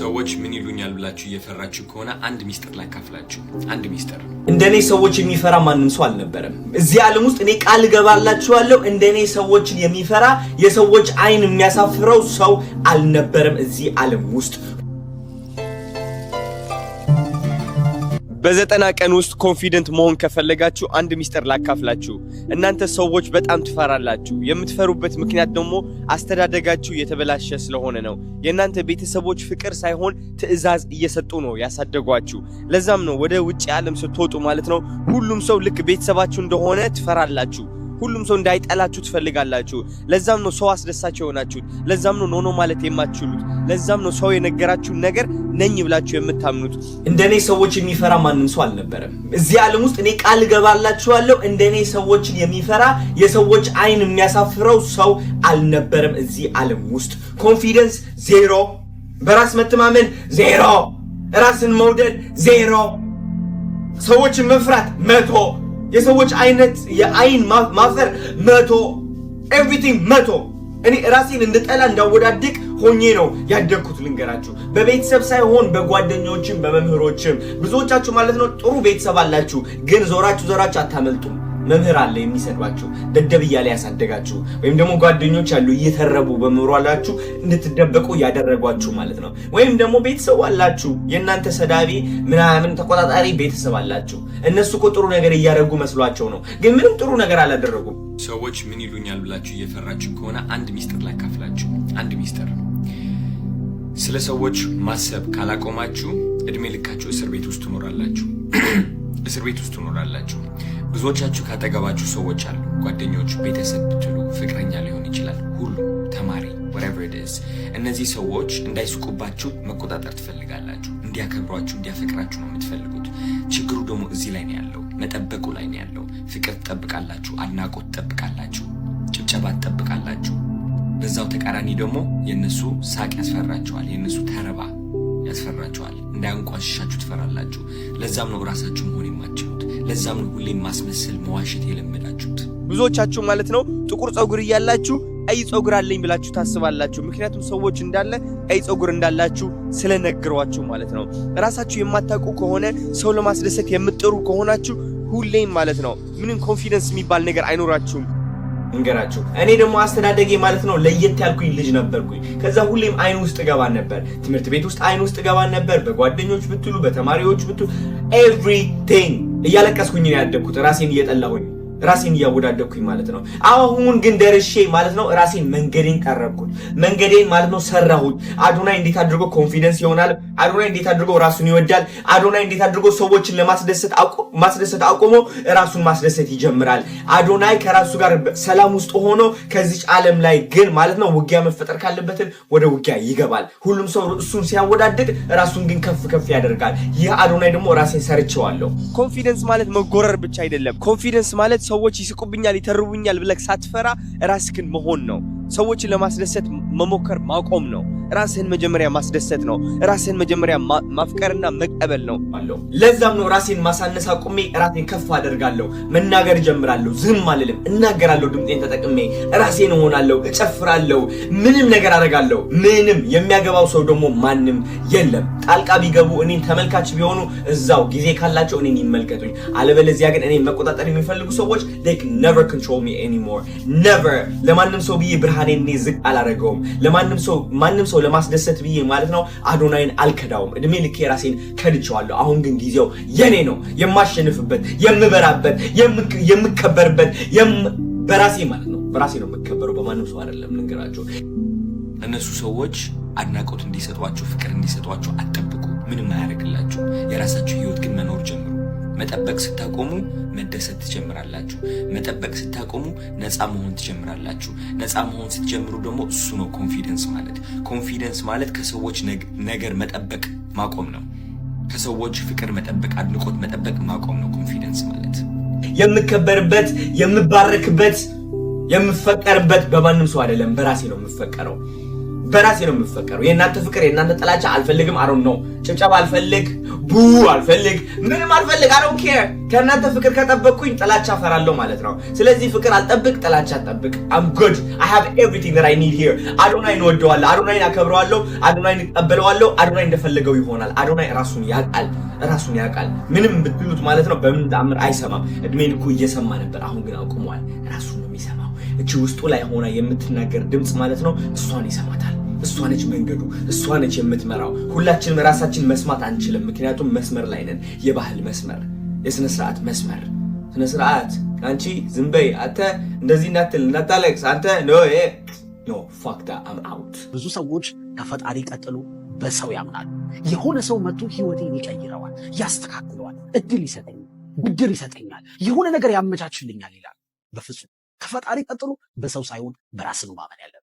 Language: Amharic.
ሰዎች ምን ይሉኛል ብላችሁ እየፈራችሁ ከሆነ አንድ ሚስጥር ላካፍላችሁ። አንድ ሚስጥር፣ እንደኔ ሰዎች የሚፈራ ማንም ሰው አልነበረም እዚህ ዓለም ውስጥ። እኔ ቃል ገባላችኋለሁ፣ እንደኔ ሰዎችን የሚፈራ የሰዎች አይን የሚያሳፍረው ሰው አልነበረም እዚህ ዓለም ውስጥ። በዘጠና ቀን ውስጥ ኮንፊደንት መሆን ከፈለጋችሁ አንድ ሚስጥር ላካፍላችሁ። እናንተ ሰዎች በጣም ትፈራላችሁ። የምትፈሩበት ምክንያት ደግሞ አስተዳደጋችሁ የተበላሸ ስለሆነ ነው። የእናንተ ቤተሰቦች ፍቅር ሳይሆን ትዕዛዝ እየሰጡ ነው ያሳደጓችሁ። ለዛም ነው ወደ ውጭ ዓለም ስትወጡ ማለት ነው ሁሉም ሰው ልክ ቤተሰባችሁ እንደሆነ ትፈራላችሁ። ሁሉም ሰው እንዳይጠላችሁ ትፈልጋላችሁ። ለዛም ነው ሰው አስደሳች የሆናችሁት። ለዛም ነው ኖኖ ማለት የማትችሉት። ለዛም ነው ሰው የነገራችሁን ነገር ነኝ ብላችሁ የምታምኑት። እንደኔ ሰዎች የሚፈራ ማንም ሰው አልነበረም እዚህ ዓለም ውስጥ። እኔ ቃል ገባላችኋለሁ፣ እንደኔ ሰዎችን የሚፈራ የሰዎች አይን የሚያሳፍረው ሰው አልነበረም እዚህ ዓለም ውስጥ። ኮንፊደንስ ዜሮ፣ በራስ መተማመን ዜሮ፣ ራስን መውደድ ዜሮ፣ ሰዎችን መፍራት መቶ የሰዎች አይነት የአይን ማፈር መቶ ኤቭሪቲንግ መቶ እኔ ራሴን እንድጠላ እንዳወዳድቅ ሆኜ ነው ያደግኩት። ልንገራችሁ፣ በቤተሰብ ሳይሆን በጓደኞችም በመምህሮችም ብዙዎቻችሁ ማለት ነው ጥሩ ቤተሰብ አላችሁ፣ ግን ዞራችሁ ዞራችሁ አታመልጡም። መምህር አለ የሚሰድባችሁ ደደብ እያለ ያሳደጋችሁ ወይም ደግሞ ጓደኞች አሉ እየተረቡ አላችሁ እንድትደበቁ እያደረጓችሁ ማለት ነው። ወይም ደግሞ ቤተሰብ አላችሁ የእናንተ ሰዳቢ ምናምን ተቆጣጣሪ ቤተሰብ አላችሁ። እነሱ እኮ ጥሩ ነገር እያደረጉ መስሏቸው ነው፣ ግን ምንም ጥሩ ነገር አላደረጉም። ሰዎች ምን ይሉኛል ብላችሁ እየፈራችሁ ከሆነ አንድ ሚስጥር ላካፍላችሁ። አንድ ሚስጥር ስለ ሰዎች ማሰብ ካላቆማችሁ እድሜ ልካችሁ እስር ቤት ውስጥ ትኖራላችሁ። እስር ቤት ውስጥ ትኖራላችሁ። ብዙዎቻችሁ ካጠገባችሁ ሰዎች አሉ፣ ጓደኞች፣ ቤተሰብ ብትሉ ፍቅረኛ ሊሆን ይችላል፣ ሁሉ ተማሪ whatever እነዚህ ሰዎች እንዳይስቁባችሁ መቆጣጠር ትፈልጋላችሁ። እንዲያከብሯችሁ፣ እንዲያፈቅራችሁ ነው የምትፈልጉት። ችግሩ ደግሞ እዚህ ላይ ነው ያለው፣ መጠበቁ ላይ ነው ያለው። ፍቅር ትጠብቃላችሁ፣ አድናቆት ትጠብቃላችሁ፣ ጭብጨባ ትጠብቃላችሁ። በዛው ተቃራኒ ደግሞ የእነሱ ሳቅ ያስፈራችኋል፣ የእነሱ ተረባ ያስፈራችኋል። እንዳያንቋሽሻችሁ ትፈራላችሁ። ለዛም ነው ራሳችሁ መሆን የማትችሉት። ለዛም ነው ሁሌ ማስመሰል፣ መዋሸት የለመዳችሁት። ብዙዎቻችሁ ማለት ነው ጥቁር ፀጉር እያላችሁ ቀይ ፀጉር አለኝ ብላችሁ ታስባላችሁ። ምክንያቱም ሰዎች እንዳለ ቀይ ፀጉር እንዳላችሁ ስለነግሯችሁ ማለት ነው። ራሳችሁ የማታውቁ ከሆነ ሰው ለማስደሰት የምትጥሩ ከሆናችሁ ሁሌም ማለት ነው ምንም ኮንፊደንስ የሚባል ነገር አይኖራችሁም። እንገራችሁ እኔ ደግሞ አስተዳደጌ ማለት ነው ለየት ያልኩኝ ልጅ ነበርኩኝ። ከዛ ሁሌም አይን ውስጥ ገባን ነበር፣ ትምህርት ቤት ውስጥ አይን ውስጥ ገባን ነበር። በጓደኞች ብትሉ፣ በተማሪዎች ብትሉ ኤቭሪቲንግ እያለቀስኩኝ ነው ያደግኩት ራሴን እየጠላሁኝ ራሴን እያወዳደኩኝ ማለት ነው። አሁን ግን ደርሼ ማለት ነው ራሴን መንገዴን ቀረብኩኝ፣ መንገዴን ማለት ነው ሰራሁኝ። አዶናይ እንዴት አድርጎ ኮንፊደንስ ይሆናል? አዶናይ እንዴት አድርጎ ራሱን ይወዳል? አዶናይ እንዴት አድርጎ ሰዎችን ለማስደሰት ማስደሰት አቁሞ ራሱን ማስደሰት ይጀምራል። አዶናይ ከራሱ ጋር ሰላም ውስጥ ሆኖ ከዚች ዓለም ላይ ግን ማለት ነው ውጊያ መፈጠር ካለበትን ወደ ውጊያ ይገባል። ሁሉም ሰው እሱን ሲያወዳድቅ ራሱን ግን ከፍ ከፍ ያደርጋል። ይህ አዶናይ ደግሞ ራሴን ሰርቸዋለሁ። ኮንፊደንስ ማለት መጎረር ብቻ አይደለም። ኮንፊደንስ ማለት ሰዎች ይስቁብኛል፣ ይተርቡኛል ብለህ ሳትፈራ ራስክን መሆን ነው። ሰዎችን ለማስደሰት መሞከር ማቆም ነው። ራስህን መጀመሪያ ማስደሰት ነው። ራስህን መጀመሪያ ማፍቀርና መቀበል ነው አለው። ለዛም ነው ራሴን ማሳነስ አቁሜ ራሴን ከፍ አደርጋለሁ፣ መናገር ጀምራለሁ ዝም አልልም፣ እናገራለሁ፣ ድምጤን ተጠቅሜ ራሴን እሆናለሁ፣ እጨፍራለሁ፣ ምንም ነገር አደርጋለሁ። ምንም የሚያገባው ሰው ደግሞ ማንም የለም። ጣልቃ ቢገቡ እኔን ተመልካች ቢሆኑ እዛው ጊዜ ካላቸው እኔን ይመልከቱኝ። አለበለዚያ ግን እኔን መቆጣጠር የሚፈልጉ ሰዎች ኔቨር ኮንትሮል ሚ ኤኒሞር ኔቨር ለማንም ሰው ብዬ ብርሃን ብርሃኔን እኔ ዝቅ አላደረገውም። ለማንም ሰው ማንም ሰው ለማስደሰት ብዬ ማለት ነው አዶናይን አልከዳውም። እድሜ ልክ የራሴን ከድቼዋለሁ። አሁን ግን ጊዜው የኔ ነው የማሸንፍበት፣ የምበራበት፣ የምከበርበት በራሴ ማለት ነው። በራሴ ነው የምከበረው፣ በማንም ሰው አይደለም። ልንገራቸው እነሱ ሰዎች አድናቆት እንዲሰጧቸው፣ ፍቅር እንዲሰጧቸው አጠብቁ። ምንም አያደርግላቸው። የራሳቸው ህይወት ግን መኖር ጀምሩ። መጠበቅ ስታቆሙ መደሰት ትጀምራላችሁ። መጠበቅ ስታቆሙ ነፃ መሆን ትጀምራላችሁ። ነፃ መሆን ስትጀምሩ ደግሞ እሱ ነው ኮንፊደንስ ማለት። ኮንፊደንስ ማለት ከሰዎች ነገር መጠበቅ ማቆም ነው። ከሰዎች ፍቅር መጠበቅ፣ አድንቆት መጠበቅ ማቆም ነው ኮንፊደንስ ማለት። የምከበርበት፣ የምባረክበት፣ የምፈቀርበት በማንም ሰው አይደለም፣ በራሴ ነው የምፈቀረው። በራሴ ነው የምፈቀረው። የእናንተ ፍቅር የእናንተ ጥላቻ አልፈልግም። አሮ ነው ጭብጨባ አልፈልግ፣ ቡ አልፈልግ፣ ምንም አልፈልግ። አሮ ኬር ከእናንተ ፍቅር ከጠበቅኩኝ ጥላቻ ፈራለሁ ማለት ነው። ስለዚህ ፍቅር አልጠብቅ፣ ጥላቻ ጠብቅ አም ጉድ አይ ሃቭ ኤቭሪቲንግ ዳት አይ ኒድ ሂር። አዶናይን እወደዋለሁ፣ አዶናይን አከብረዋለሁ፣ አዶናይን እቀበለዋለሁ። አዶናይ እንደፈለገው ይሆናል። አዶናይ ራሱን ያውቃል፣ ራሱን ያውቃል። ምንም ብትሉት ማለት ነው በምን ተአምር አይሰማም። እድሜ ልኩ እየሰማ ነበር፣ አሁን ግን አቁሟል። ራሱን ነው የሚሰማው እቺ ውስጡ ላይ ሆና የምትናገር ድምፅ ማለት ነው። እሷን ይሰማታል። እሷ ነች መንገዱ፣ እሷ ነች የምትመራው። ሁላችንም ራሳችን መስማት አንችልም፣ ምክንያቱም መስመር ላይ ነን። የባህል መስመር፣ የስነ ስርዓት መስመር፣ ስነ ስርዓት። አንቺ ዝም በይ አንተ እንደዚህ እናትል እናታለቅስ አንተ ኖ ኖ ፋክታ አም አውት። ብዙ ሰዎች ከፈጣሪ ቀጥሎ በሰው ያምናሉ። የሆነ ሰው መጥቶ ህይወቴን ይቀይረዋል፣ ያስተካክለዋል፣ እድል ይሰጠኛል፣ ብድር ይሰጠኛል፣ የሆነ ነገር ያመቻችልኛል ይላል። በፍጹም ከፈጣሪ ቀጥሎ በሰው ሳይሆን በራስ ነው ማመን ያለ